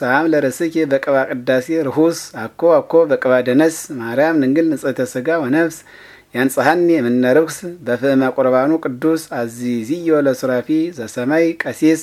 ሰላም ለርእስኪ በቅባ ቅዳሴ ርሁስ አኮ አኮ በቅባ ደነስ ማርያም ንግል ንጽህተ ስጋ ወነፍስ ያንጽሐኒ የምነርኩስ ርኩስ በፍእመ ቁርባኑ ቅዱስ አዚዝዮ ለሱራፊ ዘሰማይ ቀሲስ